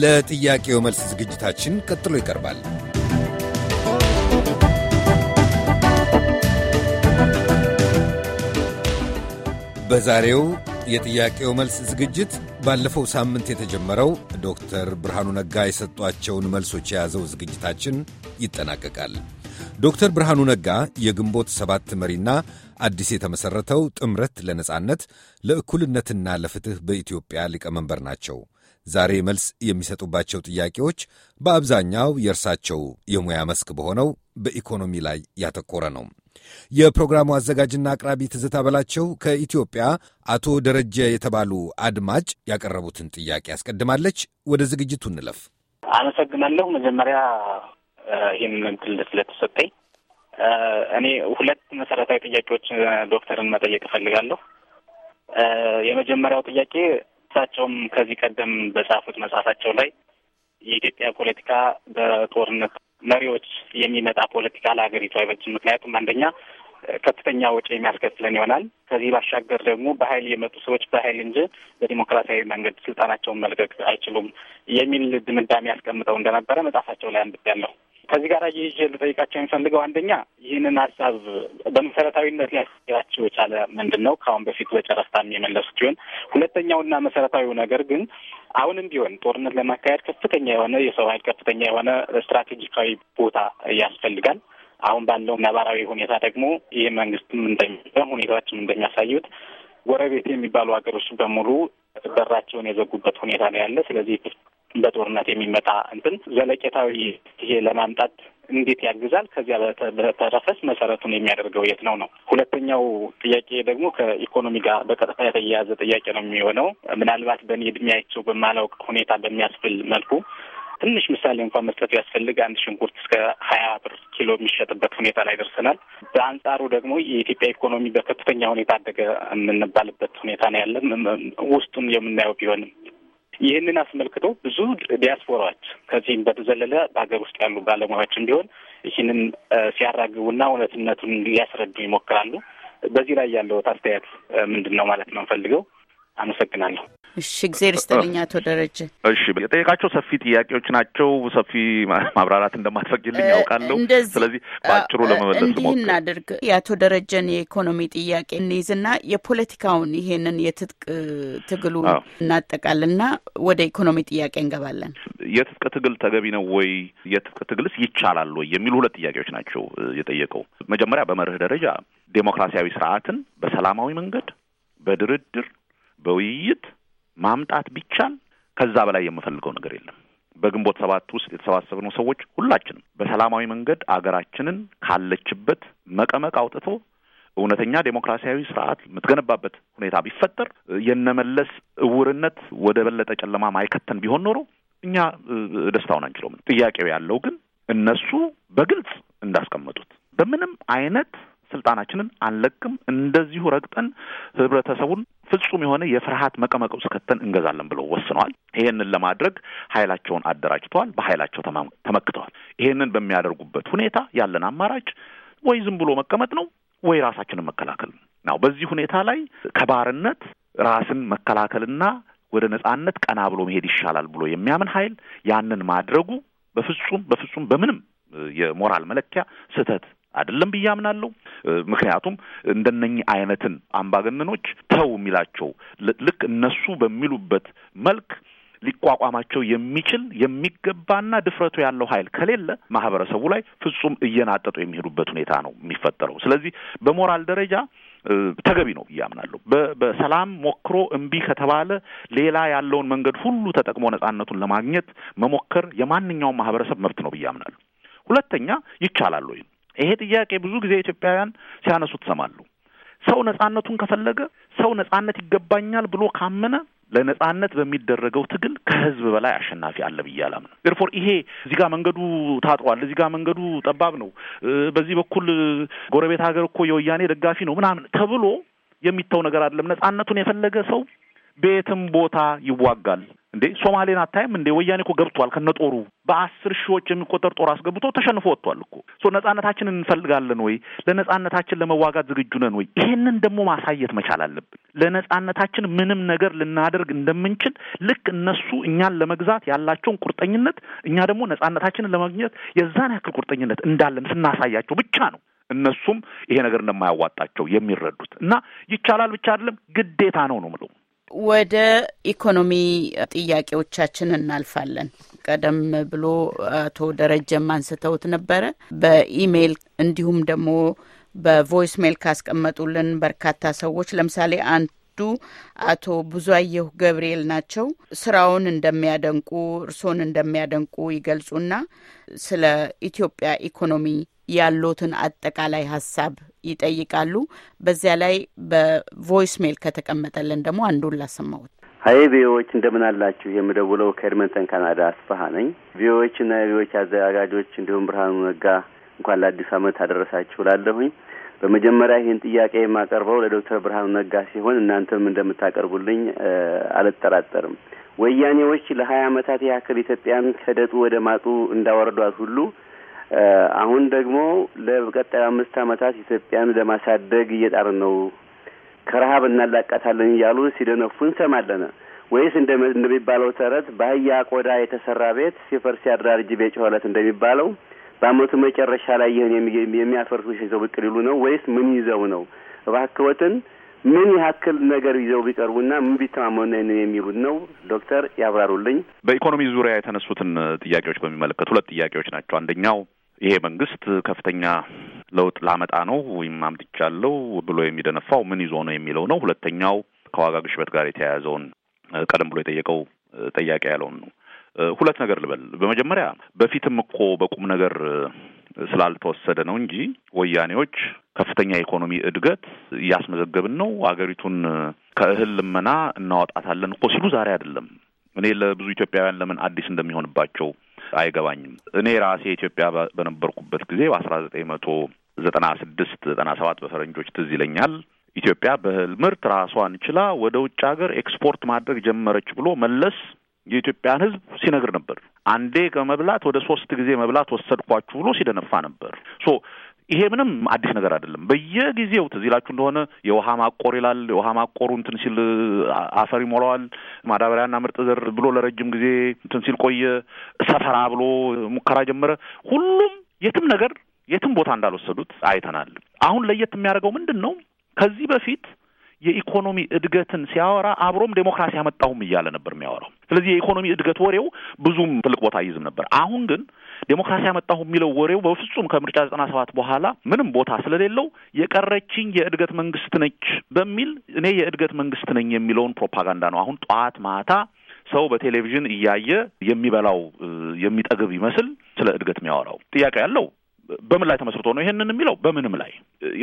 ለጥያቄው መልስ ዝግጅታችን ቀጥሎ ይቀርባል። በዛሬው የጥያቄው መልስ ዝግጅት ባለፈው ሳምንት የተጀመረው ዶክተር ብርሃኑ ነጋ የሰጧቸውን መልሶች የያዘው ዝግጅታችን ይጠናቀቃል። ዶክተር ብርሃኑ ነጋ የግንቦት ሰባት መሪና አዲስ የተመሠረተው ጥምረት ለነጻነት ለእኩልነትና ለፍትሕ በኢትዮጵያ ሊቀመንበር ናቸው። ዛሬ መልስ የሚሰጡባቸው ጥያቄዎች በአብዛኛው የእርሳቸው የሙያ መስክ በሆነው በኢኮኖሚ ላይ ያተኮረ ነው። የፕሮግራሙ አዘጋጅና አቅራቢ ትዝታ በላቸው ከኢትዮጵያ አቶ ደረጀ የተባሉ አድማጭ ያቀረቡትን ጥያቄ ያስቀድማለች። ወደ ዝግጅቱ እንለፍ። አመሰግናለሁ። መጀመሪያ ይህን እድል ስለተሰጠኝ እኔ ሁለት መሰረታዊ ጥያቄዎች ዶክተርን መጠየቅ እፈልጋለሁ። የመጀመሪያው ጥያቄ እሳቸውም ከዚህ ቀደም በጻፉት መጽሐፋቸው ላይ የኢትዮጵያ ፖለቲካ በጦርነት መሪዎች የሚመጣ ፖለቲካ ለሀገሪቱ አይበጅም። ምክንያቱም አንደኛ ከፍተኛ ወጪ የሚያስከትለን ይሆናል። ከዚህ ባሻገር ደግሞ በኃይል የመጡ ሰዎች በኃይል እንጂ በዲሞክራሲያዊ መንገድ ስልጣናቸውን መልቀቅ አይችሉም የሚል ድምዳሜ ያስቀምጠው እንደነበረ መጽሐፋቸው ላይ አንብቤያለሁ። ከዚህ ጋር ይዤ ልጠይቃቸው የሚፈልገው አንደኛ ይህንን ሀሳብ በመሰረታዊነት ሊያስራቸው የቻለ ምንድን ነው? ከአሁን በፊት በጨረፍታም የመለሱት ሲሆን ሁለተኛውና መሰረታዊው ነገር ግን አሁንም ቢሆን ጦርነት ለማካሄድ ከፍተኛ የሆነ የሰው ኃይል ከፍተኛ የሆነ ስትራቴጂካዊ ቦታ ያስፈልጋል። አሁን ባለው ነባራዊ ሁኔታ ደግሞ ይህ መንግስትም እንደሚ ሁኔታዎችም እንደሚያሳዩት ጎረቤት የሚባሉ ሀገሮች በሙሉ በራቸውን የዘጉበት ሁኔታ ነው ያለ። ስለዚህ በጦርነት የሚመጣ እንትን ዘለቄታዊ ይሄ ለማምጣት እንዴት ያግዛል? ከዚያ በተረፈስ መሰረቱን የሚያደርገው የት ነው ነው። ሁለተኛው ጥያቄ ደግሞ ከኢኮኖሚ ጋር በቀጥታ የተያያዘ ጥያቄ ነው የሚሆነው። ምናልባት በእኔ እድሜ አይቼው በማላውቅ ሁኔታ በሚያስብል መልኩ ትንሽ ምሳሌ እንኳን መስጠት ያስፈልግ አንድ ሽንኩርት እስከ ሀያ ብር ኪሎ የሚሸጥበት ሁኔታ ላይ ደርሰናል። በአንጻሩ ደግሞ የኢትዮጵያ ኢኮኖሚ በከፍተኛ ሁኔታ አደገ የምንባልበት ሁኔታ ነው ያለን ውስጡን የምናየው ቢሆንም ይህንን አስመልክቶ ብዙ ዲያስፖራዎች ከዚህም በተዘለለ በሀገር ውስጥ ያሉ ባለሙያዎች ቢሆን ይህንን ሲያራግቡና እውነትነቱን ሊያስረዱ ይሞክራሉ። በዚህ ላይ ያለዎት አስተያየት ምንድን ነው ማለት ነው ፈልገው። አመሰግናለሁ። እሺ፣ እግዜር ይስጥልኝ አቶ ደረጀ። እሺ፣ የጠየቃቸው ሰፊ ጥያቄዎች ናቸው። ሰፊ ማብራራት እንደማትፈቅጂልኝ ያውቃለሁ። ስለዚህ በአጭሩ ለመመለስ እንዲህ እናድርግ። የአቶ ደረጀን የኢኮኖሚ ጥያቄ እንይዝና የፖለቲካውን ይሄንን የትጥቅ ትግሉ እናጠቃልና ወደ ኢኮኖሚ ጥያቄ እንገባለን። የትጥቅ ትግል ተገቢ ነው ወይ፣ የትጥቅ ትግልስ ይቻላል ወይ የሚሉ ሁለት ጥያቄዎች ናቸው የጠየቀው። መጀመሪያ በመርህ ደረጃ ዴሞክራሲያዊ ስርዓትን በሰላማዊ መንገድ በድርድር በውይይት ማምጣት ቢቻል ከዛ በላይ የምፈልገው ነገር የለም። በግንቦት ሰባት ውስጥ የተሰባሰብነው ሰዎች ሁላችንም በሰላማዊ መንገድ አገራችንን ካለችበት መቀመቅ አውጥቶ እውነተኛ ዴሞክራሲያዊ ስርዓት የምትገነባበት ሁኔታ ቢፈጠር የነመለስ እውርነት ወደ በለጠ ጨለማ ማይከተን ቢሆን ኖሮ እኛ ደስታውን አንችለውም። ጥያቄው ያለው ግን እነሱ በግልጽ እንዳስቀመጡት በምንም አይነት ስልጣናችንን አንለቅም። እንደዚሁ ረግጠን ህብረተሰቡን ፍጹም የሆነ የፍርሀት መቀመቅ ውስጥ ከተን እንገዛለን ብለው ወስነዋል። ይሄንን ለማድረግ ኃይላቸውን አደራጅተዋል። በኃይላቸው ተመክተዋል። ይሄንን በሚያደርጉበት ሁኔታ ያለን አማራጭ ወይ ዝም ብሎ መቀመጥ ነው ወይ ራሳችንን መከላከል ነው። በዚህ ሁኔታ ላይ ከባርነት ራስን መከላከልና ወደ ነጻነት ቀና ብሎ መሄድ ይሻላል ብሎ የሚያምን ኃይል ያንን ማድረጉ በፍጹም በፍጹም በምንም የሞራል መለኪያ ስህተት አይደለም ብዬ አምናለሁ። ምክንያቱም እንደነኚህ አይነትን አምባገነኖች ተው የሚላቸው ልክ እነሱ በሚሉበት መልክ ሊቋቋማቸው የሚችል የሚገባና ድፍረቱ ያለው ኃይል ከሌለ ማህበረሰቡ ላይ ፍጹም እየናጠጡ የሚሄዱበት ሁኔታ ነው የሚፈጠረው። ስለዚህ በሞራል ደረጃ ተገቢ ነው ብዬ አምናለሁ። በሰላም ሞክሮ እምቢ ከተባለ ሌላ ያለውን መንገድ ሁሉ ተጠቅሞ ነጻነቱን ለማግኘት መሞከር የማንኛውም ማህበረሰብ መብት ነው ብዬ አምናለሁ። ሁለተኛ ይቻላል ወይም ይሄ ጥያቄ ብዙ ጊዜ ኢትዮጵያውያን ሲያነሱ ትሰማሉ። ሰው ነጻነቱን ከፈለገ ሰው ነጻነት ይገባኛል ብሎ ካመነ ለነጻነት በሚደረገው ትግል ከህዝብ በላይ አሸናፊ አለ ብዬ አላምንም። ዴርፎር ይሄ እዚህ ጋር መንገዱ ታጥሯል፣ እዚህ ጋር መንገዱ ጠባብ ነው፣ በዚህ በኩል ጎረቤት ሀገር እኮ የወያኔ ደጋፊ ነው ምናምን ተብሎ የሚተው ነገር አይደለም። ነጻነቱን የፈለገ ሰው በየትም ቦታ ይዋጋል። እንዴ ሶማሌን አታይም እንዴ? ወያኔ እኮ ገብቷል ከነ ጦሩ በአስር ሺዎች የሚቆጠር ጦር አስገብቶ ተሸንፎ ወጥቷል እኮ። ሶ ነጻነታችን እንፈልጋለን ወይ? ለነጻነታችን ለመዋጋት ዝግጁ ነን ወይ? ይሄንን ደግሞ ማሳየት መቻል አለብን። ለነጻነታችን ምንም ነገር ልናደርግ እንደምንችል ልክ እነሱ እኛን ለመግዛት ያላቸውን ቁርጠኝነት እኛ ደግሞ ነጻነታችንን ለማግኘት የዛን ያክል ቁርጠኝነት እንዳለን ስናሳያቸው ብቻ ነው እነሱም ይሄ ነገር እንደማያዋጣቸው የሚረዱት እና ይቻላል ብቻ አይደለም ግዴታ ነው ነው የምለው ወደ ኢኮኖሚ ጥያቄዎቻችን እናልፋለን። ቀደም ብሎ አቶ ደረጀም አንስተውት ነበረ። በኢሜይል እንዲሁም ደግሞ በቮይስ ሜል ካስቀመጡልን በርካታ ሰዎች ለምሳሌ አንዱ አቶ ብዙአየሁ ገብርኤል ናቸው። ስራውን እንደሚያደንቁ እርሶን እንደሚያደንቁ ይገልጹና ስለ ኢትዮጵያ ኢኮኖሚ ያሉትን አጠቃላይ ሀሳብ ይጠይቃሉ። በዚያ ላይ በቮይስ ሜል ከተቀመጠልን ደግሞ አንዱን ላሰማሁት። ሀይ ቪዎች እንደምን አላችሁ? የምደውለው ከኤድመንተን ካናዳ አስፋሃ ነኝ። እና የቪዎች አዘጋጆች እንዲሁም ብርሃኑ ነጋ እንኳን ለአዲስ ዓመት አደረሳችሁ ላለሁኝ በመጀመሪያ ይህን ጥያቄ የማቀርበው ለዶክተር ብርሃኑ ነጋ ሲሆን እናንተም እንደምታቀርቡልኝ አልጠራጠርም። ወያኔዎች ለሀያ ዓመታት ያክል ኢትዮጵያን ከደጡ ወደ ማጡ እንዳወረዷት ሁሉ አሁን ደግሞ ለቀጣዩ አምስት ዓመታት ኢትዮጵያን ለማሳደግ እየጣርን ነው፣ ከረሀብ እናላቃታለን እያሉ ሲደነፉ እንሰማለን። ወይስ እንደሚባለው ተረት በአህያ ቆዳ የተሰራ ቤት ሲፈርስ ያድራል ጅብ የጮኸ እንደሚባለው በአመቱ መጨረሻ ላይ ይህን የሚያፈርሱ ይዘው ብቅ ሊሉ ነው? ወይስ ምን ይዘው ነው? እባክዎትን ምን ያክል ነገር ይዘው ቢቀርቡና ምን ቢተማመኑ የሚሉት ነው? ዶክተር ያብራሩልኝ። በኢኮኖሚ ዙሪያ የተነሱትን ጥያቄዎች በሚመለከት ሁለት ጥያቄዎች ናቸው። አንደኛው ይሄ መንግስት ከፍተኛ ለውጥ ላመጣ ነው ወይም አምጥቻለሁ ብሎ የሚደነፋው ምን ይዞ ነው የሚለው ነው። ሁለተኛው ከዋጋ ግሽበት ጋር የተያያዘውን ቀደም ብሎ የጠየቀው ጥያቄ ያለውን ነው። ሁለት ነገር ልበል። በመጀመሪያ በፊትም እኮ በቁም ነገር ስላልተወሰደ ነው እንጂ ወያኔዎች ከፍተኛ የኢኮኖሚ እድገት እያስመዘገብን ነው፣ አገሪቱን ከእህል ልመና እናወጣታለን እኮ ሲሉ ዛሬ አይደለም። እኔ ለብዙ ኢትዮጵያውያን ለምን አዲስ እንደሚሆንባቸው አይገባኝም። እኔ ራሴ ኢትዮጵያ በነበርኩበት ጊዜ በአስራ ዘጠኝ መቶ ዘጠና ስድስት ዘጠና ሰባት በፈረንጆች ትዝ ይለኛል ኢትዮጵያ በእህል ምርት ራሷን ችላ ወደ ውጭ ሀገር ኤክስፖርት ማድረግ ጀመረች ብሎ መለስ የኢትዮጵያን ሕዝብ ሲነግር ነበር። አንዴ ከመብላት ወደ ሶስት ጊዜ መብላት ወሰድኳችሁ ብሎ ሲደነፋ ነበር። ሶ ይሄ ምንም አዲስ ነገር አይደለም። በየጊዜው ትዝ ይላችሁ እንደሆነ የውሃ ማቆር ይላል። የውሃ ማቆሩ እንትን ሲል አፈር ይሞላዋል። ማዳበሪያና ምርጥ ዘር ብሎ ለረጅም ጊዜ እንትን ሲል ቆየ። ሰፈራ ብሎ ሙከራ ጀመረ። ሁሉም የትም ነገር የትም ቦታ እንዳልወሰዱት አይተናል። አሁን ለየት የሚያደርገው ምንድን ነው? ከዚህ በፊት የኢኮኖሚ እድገትን ሲያወራ አብሮም ዴሞክራሲ አመጣሁም እያለ ነበር የሚያወራው። ስለዚህ የኢኮኖሚ እድገት ወሬው ብዙም ትልቅ ቦታ አይይዝም ነበር። አሁን ግን ዴሞክራሲ ያመጣሁ የሚለው ወሬው በፍጹም ከምርጫ ዘጠና ሰባት በኋላ ምንም ቦታ ስለሌለው የቀረችኝ የእድገት መንግስት ነች በሚል እኔ የእድገት መንግስት ነኝ የሚለውን ፕሮፓጋንዳ ነው አሁን ጠዋት ማታ ሰው በቴሌቪዥን እያየ የሚበላው የሚጠግብ ይመስል ስለ እድገት የሚያወራው ጥያቄ ያለው በምን ላይ ተመስርቶ ነው ይሄንን የሚለው? በምንም ላይ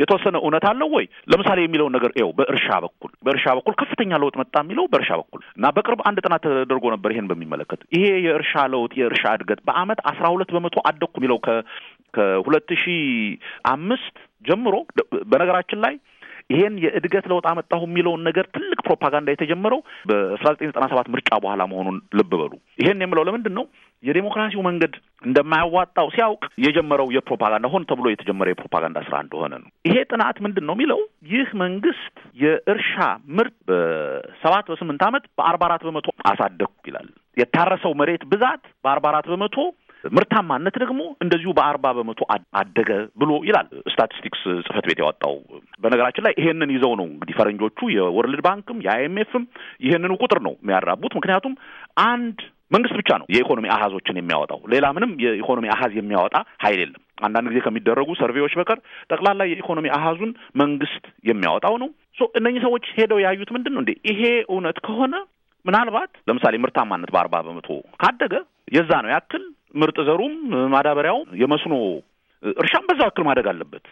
የተወሰነ እውነት አለው ወይ? ለምሳሌ የሚለውን ነገር ው በእርሻ በኩል በእርሻ በኩል ከፍተኛ ለውጥ መጣ የሚለው በእርሻ በኩል እና በቅርብ አንድ ጥናት ተደርጎ ነበር ይሄን በሚመለከት ይሄ የእርሻ ለውጥ የእርሻ እድገት በአመት አስራ ሁለት በመቶ አደግኩ የሚለው ከ ከሁለት ሺህ አምስት ጀምሮ በነገራችን ላይ ይሄን የእድገት ለውጥ አመጣሁ የሚለውን ነገር ትልቅ ፕሮፓጋንዳ የተጀመረው በአስራ ዘጠኝ ዘጠና ሰባት ምርጫ በኋላ መሆኑን ልብ በሉ። ይሄን የምለው ለምንድን ነው? የዴሞክራሲው መንገድ እንደማያዋጣው ሲያውቅ የጀመረው የፕሮፓጋንዳ ሆን ተብሎ የተጀመረ የፕሮፓጋንዳ ስራ እንደሆነ ነው። ይሄ ጥናት ምንድን ነው የሚለው ይህ መንግስት የእርሻ ምርት በሰባት በስምንት ዓመት በአርባ አራት በመቶ አሳደግኩ ይላል። የታረሰው መሬት ብዛት በአርባ አራት በመቶ ምርታማነት ደግሞ እንደዚሁ በአርባ በመቶ አደገ ብሎ ይላል ስታቲስቲክስ ጽህፈት ቤት ያወጣው። በነገራችን ላይ ይሄንን ይዘው ነው እንግዲህ ፈረንጆቹ የወርልድ ባንክም የአይኤምኤፍም ይሄንኑ ቁጥር ነው የሚያራቡት። ምክንያቱም አንድ መንግስት ብቻ ነው የኢኮኖሚ አሃዞችን የሚያወጣው። ሌላ ምንም የኢኮኖሚ አሃዝ የሚያወጣ ኃይል የለም። አንዳንድ ጊዜ ከሚደረጉ ሰርቬዎች በቀር ጠቅላላ የኢኮኖሚ አሃዙን መንግስት የሚያወጣው ነው። እነኚህ ሰዎች ሄደው ያዩት ምንድን ነው እንዴ? ይሄ እውነት ከሆነ ምናልባት ለምሳሌ ምርታማነት በአርባ በመቶ ካደገ የዛ ነው ያክል ምርጥ ዘሩም ማዳበሪያውም የመስኖ እርሻም በዛ ያክል ማደግ አለበት።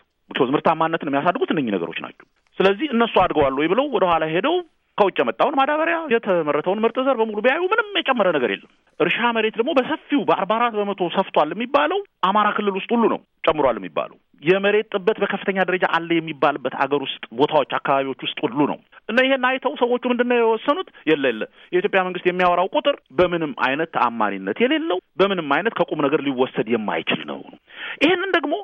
ምርታማነትን የሚያሳድጉት እነኚህ ነገሮች ናቸው። ስለዚህ እነሱ አድገዋል ወይ ብለው ወደኋላ ሄደው ከውጭ የመጣውን ማዳበሪያ የተመረተውን ምርጥ ዘር በሙሉ ቢያዩ ምንም የጨመረ ነገር የለም። እርሻ መሬት ደግሞ በሰፊው በአርባ አራት በመቶ ሰፍቷል የሚባለው አማራ ክልል ውስጥ ሁሉ ነው ጨምሯል የሚባለው የመሬት ጥበት በከፍተኛ ደረጃ አለ የሚባልበት አገር ውስጥ ቦታዎች፣ አካባቢዎች ውስጥ ሁሉ ነው እና ይሄን አይተው ሰዎቹ ምንድነው የወሰኑት? የለ የለ የኢትዮጵያ መንግስት የሚያወራው ቁጥር በምንም አይነት ተአማኒነት የሌለው በምንም አይነት ከቁም ነገር ሊወሰድ የማይችል ነው። ይህንን ደግሞ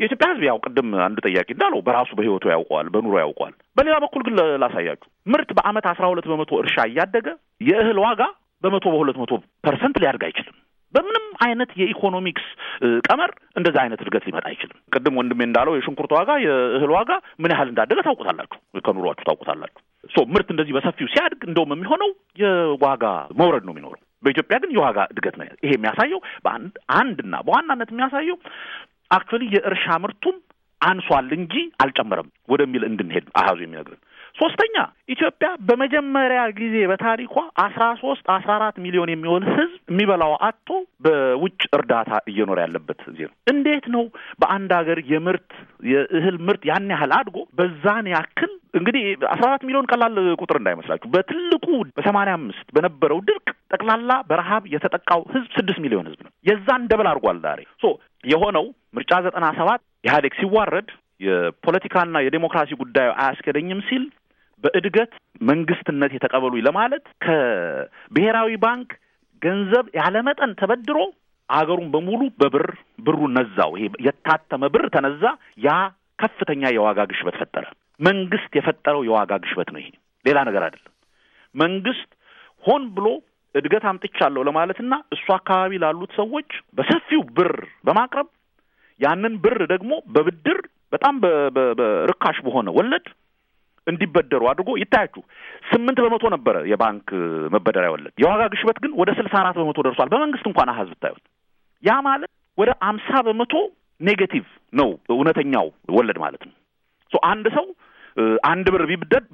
የኢትዮጵያ ሕዝብ ያው ቅድም አንዱ ጠያቂ እንዳለው በራሱ በህይወቱ ያውቀዋል፣ በኑሮ ያውቀዋል። በሌላ በኩል ግን ላሳያችሁ ምርት በአመት አስራ ሁለት በመቶ እርሻ እያደገ የእህል ዋጋ በመቶ በሁለት መቶ ፐርሰንት ሊያድግ አይችልም። በምንም አይነት የኢኮኖሚክስ ቀመር እንደዛ አይነት እድገት ሊመጣ አይችልም። ቅድም ወንድሜ እንዳለው የሽንኩርት ዋጋ፣ የእህል ዋጋ ምን ያህል እንዳደገ ታውቁታላችሁ፣ ከኑሯችሁ ታውቁታላችሁ። ሶ ምርት እንደዚህ በሰፊው ሲያድግ እንደውም የሚሆነው የዋጋ መውረድ ነው የሚኖረው። በኢትዮጵያ ግን የዋጋ እድገት ነው። ይሄ የሚያሳየው በአንድ አንድና በዋናነት የሚያሳየው አክቹዋሊ የእርሻ ምርቱም አንሷል እንጂ አልጨመረም ወደሚል እንድንሄድ አሀዙ የሚነግርን። ሶስተኛ ኢትዮጵያ በመጀመሪያ ጊዜ በታሪኳ አስራ ሶስት አስራ አራት ሚሊዮን የሚሆን ህዝብ የሚበላው አጥቶ በውጭ እርዳታ እየኖረ ያለበት ጊዜ ነው። እንዴት ነው በአንድ ሀገር የምርት የእህል ምርት ያን ያህል አድጎ በዛን ያክል እንግዲህ አስራ አራት ሚሊዮን ቀላል ቁጥር እንዳይመስላችሁ። በትልቁ በሰማንያ አምስት በነበረው ድርቅ ጠቅላላ በረሀብ የተጠቃው ህዝብ ስድስት ሚሊዮን ህዝብ ነው። የዛን ደብል አድርጓል ዛሬ። ሶ የሆነው ምርጫ ዘጠና ሰባት ኢህአዴግ ሲዋረድ የፖለቲካና የዴሞክራሲ ጉዳዩ አያስኬደኝም ሲል በእድገት መንግስትነት የተቀበሉኝ ለማለት ከብሔራዊ ባንክ ገንዘብ ያለመጠን ተበድሮ አገሩን በሙሉ በብር ብሩ ነዛው። ይሄ የታተመ ብር ተነዛ። ያ ከፍተኛ የዋጋ ግሽበት ፈጠረ። መንግስት የፈጠረው የዋጋ ግሽበት ነው። ይሄ ሌላ ነገር አይደለም። መንግስት ሆን ብሎ እድገት አምጥቻለሁ ለማለትና እሱ አካባቢ ላሉት ሰዎች በሰፊው ብር በማቅረብ ያንን ብር ደግሞ በብድር በጣም በርካሽ በሆነ ወለድ እንዲበደሩ አድርጎ ይታያችሁ። ስምንት በመቶ ነበረ የባንክ መበደሪያ ወለድ። የዋጋ ግሽበት ግን ወደ ስልሳ አራት በመቶ ደርሷል። በመንግስት እንኳን አሀዝ ብታዩት ያ ማለት ወደ አምሳ በመቶ ኔጌቲቭ ነው እውነተኛው ወለድ ማለት ነው። አንድ ሰው አንድ ብር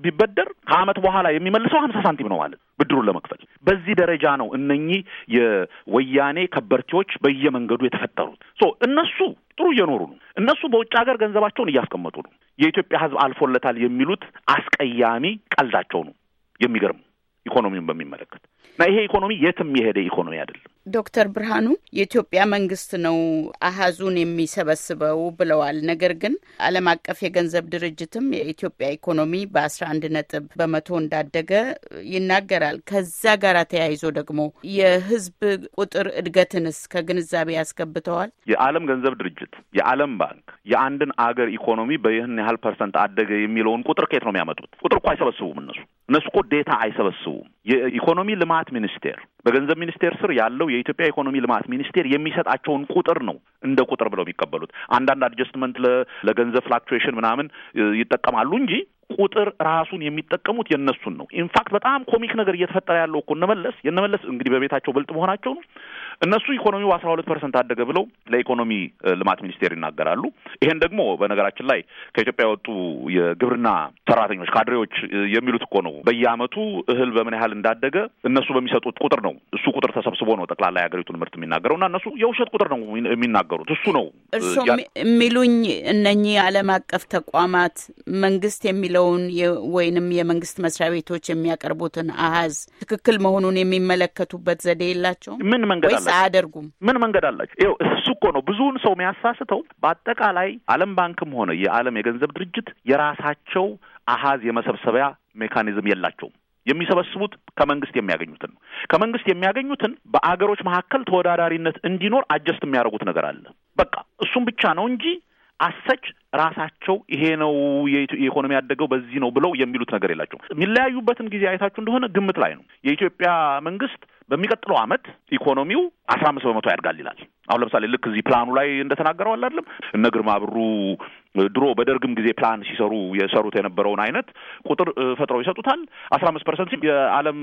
ቢበደር ከዓመት በኋላ የሚመልሰው ሀምሳ ሳንቲም ነው ማለት ብድሩን ለመክፈል። በዚህ ደረጃ ነው እነኚህ የወያኔ ከበርቴዎች በየመንገዱ የተፈጠሩት። ሶ እነሱ ጥሩ እየኖሩ ነው። እነሱ በውጭ ሀገር ገንዘባቸውን እያስቀመጡ ነው። የኢትዮጵያ ሕዝብ አልፎለታል የሚሉት አስቀያሚ ቀልዳቸው ነው። የሚገርም ኢኮኖሚውን በሚመለከት እና ይሄ ኢኮኖሚ የትም የሄደ ኢኮኖሚ አይደለም። ዶክተር ብርሃኑ የኢትዮጵያ መንግስት ነው አሀዙን የሚሰበስበው ብለዋል። ነገር ግን ዓለም አቀፍ የገንዘብ ድርጅትም የኢትዮጵያ ኢኮኖሚ በአስራ አንድ ነጥብ በመቶ እንዳደገ ይናገራል። ከዛ ጋር ተያይዞ ደግሞ የህዝብ ቁጥር እድገትንስ ከግንዛቤ ያስገብተዋል? የዓለም ገንዘብ ድርጅት፣ የዓለም ባንክ የአንድን አገር ኢኮኖሚ በይህን ያህል ፐርሰንት አደገ የሚለውን ቁጥር ከየት ነው የሚያመጡት? ቁጥር እኮ አይሰበስቡም እነሱ እነሱ እኮ ዴታ አይሰበስቡም። የኢኮኖሚ ልማት ሚኒስቴር በገንዘብ ሚኒስቴር ስር ያለው የኢትዮጵያ ኢኮኖሚ ልማት ሚኒስቴር የሚሰጣቸውን ቁጥር ነው እንደ ቁጥር ብለው የሚቀበሉት። አንዳንድ አድጀስትመንት ለገንዘብ ፍላክቹዌሽን ምናምን ይጠቀማሉ እንጂ ቁጥር ራሱን የሚጠቀሙት የእነሱን ነው። ኢንፋክት በጣም ኮሚክ ነገር እየተፈጠረ ያለው እኮ እነመለስ የእነመለስ እንግዲህ በቤታቸው ብልጥ መሆናቸው ነው። እነሱ ኢኮኖሚው አስራ ሁለት ፐርሰንት አደገ ብለው ለኢኮኖሚ ልማት ሚኒስቴር ይናገራሉ። ይሄን ደግሞ በነገራችን ላይ ከኢትዮጵያ የወጡ የግብርና ሰራተኞች ካድሬዎች የሚሉት እኮ ነው። በየአመቱ እህል በምን ያህል እንዳደገ እነሱ በሚሰጡት ቁጥር ነው። እሱ ቁጥር ተሰብስቦ ነው ጠቅላላ የሀገሪቱን ምርት የሚናገረው እና እነሱ የውሸት ቁጥር ነው የሚናገሩት። እሱ ነው እርስዎ የሚሉኝ እነኚህ ዓለም አቀፍ ተቋማት መንግስት የሚለውን ወይንም የመንግስት መስሪያ ቤቶች የሚያቀርቡትን አሀዝ ትክክል መሆኑን የሚመለከቱበት ዘዴ የላቸውም? ምን መንገድ አያደርጉም። ምን መንገድ አላቸው? ይኸው እሱ እኮ ነው ብዙውን ሰው የሚያሳስተው። በአጠቃላይ ዓለም ባንክም ሆነ የዓለም የገንዘብ ድርጅት የራሳቸው አሀዝ የመሰብሰቢያ ሜካኒዝም የላቸውም። የሚሰበስቡት ከመንግስት የሚያገኙትን ነው። ከመንግስት የሚያገኙትን በአገሮች መካከል ተወዳዳሪነት እንዲኖር አጀስት የሚያደርጉት ነገር አለ። በቃ እሱም ብቻ ነው እንጂ አሰች ራሳቸው ይሄ ነው የኢኮኖሚ ያደገው በዚህ ነው ብለው የሚሉት ነገር የላቸው። የሚለያዩበትም ጊዜ አይታችሁ እንደሆነ ግምት ላይ ነው። የኢትዮጵያ መንግስት በሚቀጥለው አመት ኢኮኖሚው አስራ አምስት በመቶ ያድጋል ይላል። አሁን ለምሳሌ ልክ እዚህ ፕላኑ ላይ እንደተናገረው አላለም እነ ግርማ ብሩ ድሮ በደርግም ጊዜ ፕላን ሲሰሩ የሰሩት የነበረውን አይነት ቁጥር ፈጥረው ይሰጡታል። አስራ አምስት ፐርሰንት ሲል የዓለም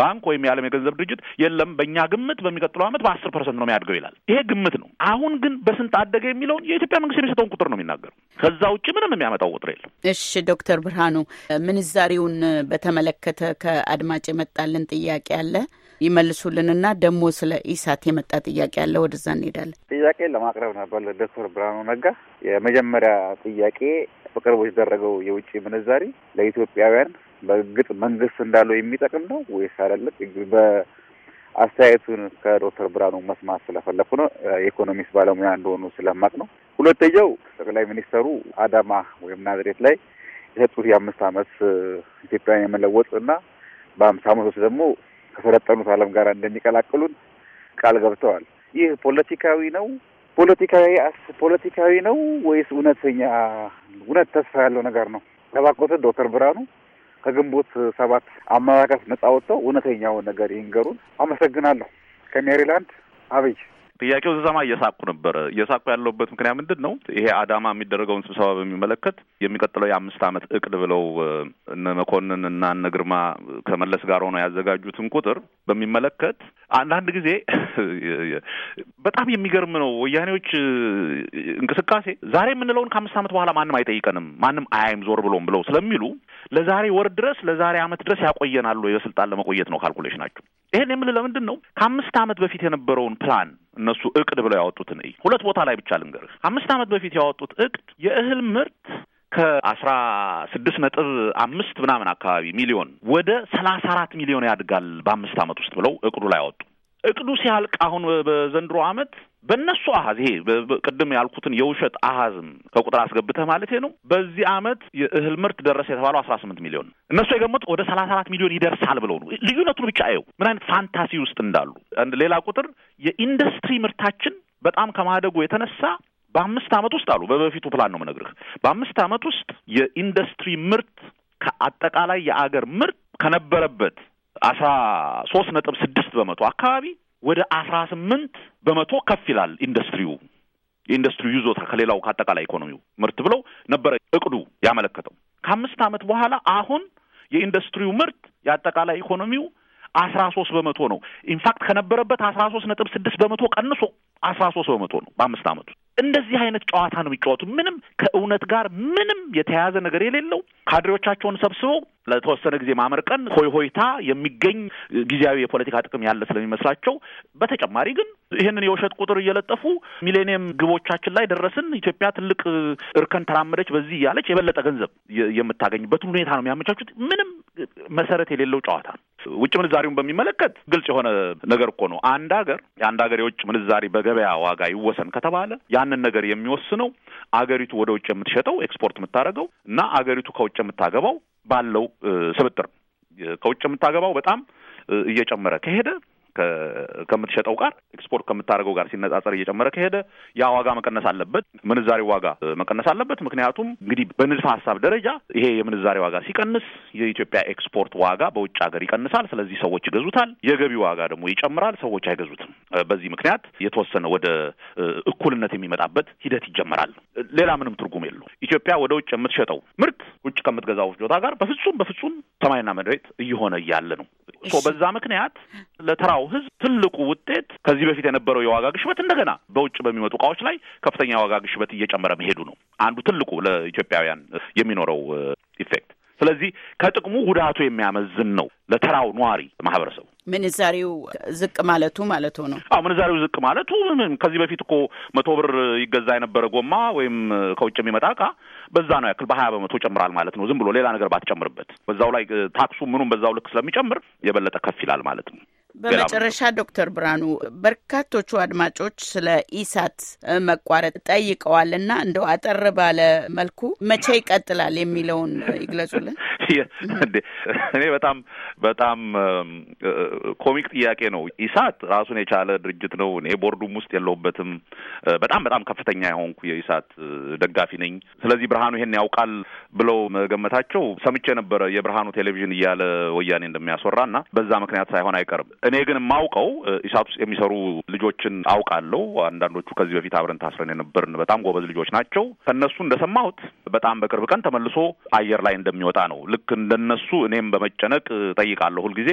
ባንክ ወይም የዓለም የገንዘብ ድርጅት የለም በእኛ ግምት በሚቀጥለው አመት በአስር ፐርሰንት ነው የሚያድገው ይላል። ይሄ ግምት ነው። አሁን ግን በስንት አደገ የሚለውን የኢትዮጵያ መንግስት የሚሰጠውን ቁጥር ነው የሚናገረው። ከዛ ውጭ ምንም የሚያመጣው ቁጥር የለም። እሺ ዶክተር ብርሃኑ ምንዛሪውን በተመለከተ ከአድማጭ የመጣልን ጥያቄ አለ። ይመልሱልንና ደግሞ ስለ ኢሳት የመጣ ጥያቄ አለ። ወደዛ እንሄዳለን። ጥያቄ ለማቅረብ ነበር ለዶክተር ብርሃኑ ነጋ። የመጀመሪያ ጥያቄ በቅርቡ የተደረገው የውጭ ምንዛሪ ለኢትዮጵያውያን በእርግጥ መንግስት እንዳለው የሚጠቅም ነው ወይስ አይደለም? በአስተያየቱን ከዶክተር ብርሃኑ መስማት ስለፈለኩ ነው። የኢኮኖሚስት ባለሙያ እንደሆኑ ስለማቅ ነው። ሁለተኛው ጠቅላይ ሚኒስተሩ አዳማ ወይም ናዝሬት ላይ የሰጡት የአምስት ዓመት ኢትዮጵያን የመለወጥ እና በአምስት ዓመት ውስጥ ደግሞ ከሰለጠኑት ዓለም ጋር እንደሚቀላቅሉን ቃል ገብተዋል። ይህ ፖለቲካዊ ነው ፖለቲካዊ ፖለቲካዊ ነው ወይስ እውነተኛ እውነት ተስፋ ያለው ነገር ነው? ለባቆተ ዶክተር ብርሃኑ ከግንቦት ሰባት አመላካት ነጻ ወጥተው እውነተኛውን ነገር ይንገሩን። አመሰግናለሁ። ከሜሪላንድ አብይ ጥያቄው ዝሰማ እየሳቁ ነበረ። እየሳቁ ያለውበት ምክንያት ምንድን ነው? ይሄ አዳማ የሚደረገውን ስብሰባ በሚመለከት የሚቀጥለው የአምስት ዓመት እቅድ ብለው እነ መኮንን እና እነ ግርማ ከመለስ ጋር ሆነው ያዘጋጁትን ቁጥር በሚመለከት አንዳንድ ጊዜ በጣም የሚገርም ነው። ወያኔዎች እንቅስቃሴ ዛሬ የምንለውን ከአምስት ዓመት በኋላ ማንም አይጠይቀንም፣ ማንም አያይም ዞር ብሎም ብለው ስለሚሉ ለዛሬ ወር ድረስ ለዛሬ ዓመት ድረስ ያቆየናሉ። የስልጣን ለመቆየት ነው ካልኩሌሽናቸው። ይህን የምልህ ለምንድን ነው ከአምስት ዓመት በፊት የነበረውን ፕላን እነሱ እቅድ ብለው ያወጡትን እይ። ሁለት ቦታ ላይ ብቻ ልንገርህ። አምስት ዓመት በፊት ያወጡት እቅድ የእህል ምርት ከአስራ ስድስት ነጥብ አምስት ምናምን አካባቢ ሚሊዮን ወደ ሰላሳ አራት ሚሊዮን ያድጋል በአምስት ዓመት ውስጥ ብለው እቅዱ ላይ አወጡ። እቅዱ ሲያልቅ አሁን በዘንድሮ አመት በእነሱ አሀዝ ይሄ ቅድም ያልኩትን የውሸት አሀዝም ከቁጥር አስገብተህ ማለት ነው። በዚህ አመት የእህል ምርት ደረሰ የተባለው አስራ ስምንት ሚሊዮን ነው። እነሱ የገመጡት ወደ ሰላሳ አራት ሚሊዮን ይደርሳል ብለው ነው። ልዩነቱን ብቻ አየው ምን አይነት ፋንታሲ ውስጥ እንዳሉ። አንድ ሌላ ቁጥር የኢንዱስትሪ ምርታችን በጣም ከማደጉ የተነሳ በአምስት አመት ውስጥ አሉ። በበፊቱ ፕላን ነው የምነግርህ። በአምስት አመት ውስጥ የኢንዱስትሪ ምርት ከአጠቃላይ የአገር ምርት ከነበረበት አስራ ሶስት ነጥብ ስድስት በመቶ አካባቢ ወደ አስራ ስምንት በመቶ ከፍ ይላል ኢንዱስትሪው የኢንዱስትሪው ይዞታ ከሌላው ከአጠቃላይ ኢኮኖሚው ምርት ብለው ነበረ እቅዱ ያመለከተው። ከአምስት ዓመት በኋላ አሁን የኢንዱስትሪው ምርት የአጠቃላይ ኢኮኖሚው አስራ ሶስት በመቶ ነው። ኢንፋክት ከነበረበት አስራ ሶስት ነጥብ ስድስት በመቶ ቀንሶ አስራ ሶስት በመቶ ነው በአምስት ዓመቱ እንደዚህ አይነት ጨዋታ ነው የሚጫወቱ። ምንም ከእውነት ጋር ምንም የተያያዘ ነገር የሌለው ካድሬዎቻቸውን ሰብስበው ለተወሰነ ጊዜ ማመርቀን ሆይ ሆይታ የሚገኝ ጊዜያዊ የፖለቲካ ጥቅም ያለ ስለሚመስላቸው፣ በተጨማሪ ግን ይህንን የውሸት ቁጥር እየለጠፉ ሚሌኒየም ግቦቻችን ላይ ደረስን፣ ኢትዮጵያ ትልቅ እርከን ተራመደች፣ በዚህ እያለች የበለጠ ገንዘብ የምታገኝበትን ሁኔታ ነው የሚያመቻቹት። ምንም መሰረት የሌለው ጨዋታ ነው። ውጭ ምንዛሪውን በሚመለከት ግልጽ የሆነ ነገር እኮ ነው። አንድ ሀገር የአንድ ሀገር የውጭ ምንዛሪ በገበያ ዋጋ ይወሰን ከተባለ ያን ያንን ነገር የሚወስነው አገሪቱ ወደ ውጭ የምትሸጠው ኤክስፖርት የምታደርገው እና አገሪቱ ከውጭ የምታገባው ባለው ስብጥር ከውጭ የምታገባው በጣም እየጨመረ ከሄደ ከምትሸጠው ጋር ኤክስፖርት ከምታደርገው ጋር ሲነጻጸር እየጨመረ ከሄደ ያ ዋጋ መቀነስ አለበት። ምንዛሬ ዋጋ መቀነስ አለበት። ምክንያቱም እንግዲህ በንድፈ ሀሳብ ደረጃ ይሄ የምንዛሬ ዋጋ ሲቀንስ የኢትዮጵያ ኤክስፖርት ዋጋ በውጭ ሀገር ይቀንሳል። ስለዚህ ሰዎች ይገዙታል። የገቢ ዋጋ ደግሞ ይጨምራል። ሰዎች አይገዙትም። በዚህ ምክንያት የተወሰነ ወደ እኩልነት የሚመጣበት ሂደት ይጀመራል። ሌላ ምንም ትርጉም የለው። ኢትዮጵያ ወደ ውጭ የምትሸጠው ምርት ውጭ ከምትገዛው ፍጆታ ጋር በፍጹም በፍጹም ሰማይና መሬት እየሆነ እያለ ነው። በዛ ምክንያት ለተራው ህዝብ ትልቁ ውጤት ከዚህ በፊት የነበረው የዋጋ ግሽበት እንደገና በውጭ በሚመጡ እቃዎች ላይ ከፍተኛ የዋጋ ግሽበት እየጨመረ መሄዱ ነው አንዱ ትልቁ ለኢትዮጵያውያን የሚኖረው ኢፌክት። ስለዚህ ከጥቅሙ ጉዳቱ የሚያመዝን ነው ለተራው ነዋሪ ማህበረሰቡ ምንዛሬው ዝቅ ማለቱ ማለቱ ነው። አዎ ምንዛሬው ዝቅ ማለቱ ከዚህ በፊት እኮ መቶ ብር ይገዛ የነበረ ጎማ ወይም ከውጭ የሚመጣ እቃ በዛ ነው ያክል በሀያ በመቶ ጨምራል ማለት ነው። ዝም ብሎ ሌላ ነገር ባትጨምርበት በዛው ላይ ታክሱ ምኑም በዛው ልክ ስለሚጨምር የበለጠ ከፍ ይላል ማለት ነው። በመጨረሻ ዶክተር ብርሃኑ በርካቶቹ አድማጮች ስለ ኢሳት መቋረጥ ጠይቀዋል እና እንደው አጠር ባለ መልኩ መቼ ይቀጥላል የሚለውን ይግለጹልን። እኔ በጣም በጣም ኮሚክ ጥያቄ ነው። ኢሳት ራሱን የቻለ ድርጅት ነው። እኔ ቦርዱም ውስጥ የለውበትም። በጣም በጣም ከፍተኛ የሆንኩ የኢሳት ደጋፊ ነኝ። ስለዚህ ብርሃኑ ይሄን ያውቃል ብለው መገመታቸው ሰምቼ ነበረ የብርሃኑ ቴሌቪዥን እያለ ወያኔ እንደሚያስወራ እና በዛ ምክንያት ሳይሆን አይቀርም እኔ ግን የማውቀው ኢሳት ውስጥ የሚሰሩ ልጆችን አውቃለሁ። አንዳንዶቹ ከዚህ በፊት አብረን ታስረን የነበርን በጣም ጎበዝ ልጆች ናቸው። ከእነሱ እንደሰማሁት በጣም በቅርብ ቀን ተመልሶ አየር ላይ እንደሚወጣ ነው። ልክ እንደነሱ እኔም በመጨነቅ ጠይቃለሁ ሁልጊዜ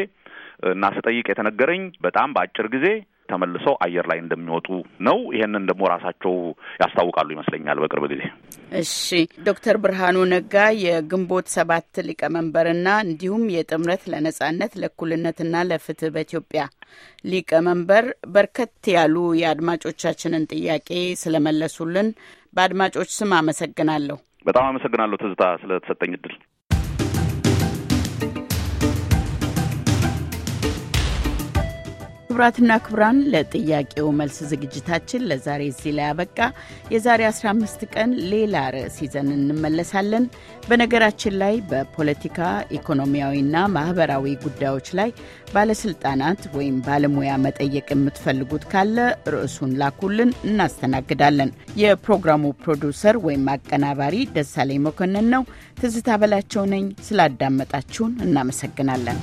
እና ስጠይቅ የተነገረኝ በጣም በአጭር ጊዜ ተመልሰው አየር ላይ እንደሚወጡ ነው። ይሄንን ደግሞ ራሳቸው ያስታውቃሉ ይመስለኛል በቅርብ ጊዜ። እሺ ዶክተር ብርሃኑ ነጋ የግንቦት ሰባት ሊቀመንበርና እንዲሁም የጥምረት ለነጻነት ለእኩልነትና ለፍትህ በኢትዮጵያ ሊቀመንበር በርከት ያሉ የአድማጮቻችንን ጥያቄ ስለመለሱልን በአድማጮች ስም አመሰግናለሁ። በጣም አመሰግናለሁ ትዝታ ስለተሰጠኝ እድል። ክቡራትና ክቡራን ለጥያቄው መልስ ዝግጅታችን ለዛሬ እዚህ ላይ አበቃ። የዛሬ 15 ቀን ሌላ ርዕስ ይዘን እንመለሳለን። በነገራችን ላይ በፖለቲካ ኢኮኖሚያዊና ማህበራዊ ጉዳዮች ላይ ባለስልጣናት ወይም ባለሙያ መጠየቅ የምትፈልጉት ካለ ርዕሱን ላኩልን፣ እናስተናግዳለን። የፕሮግራሙ ፕሮዲውሰር ወይም አቀናባሪ ደሳለኝ መኮንን ነው። ትዝታ በላቸው ነኝ። ስላዳመጣችሁን እናመሰግናለን።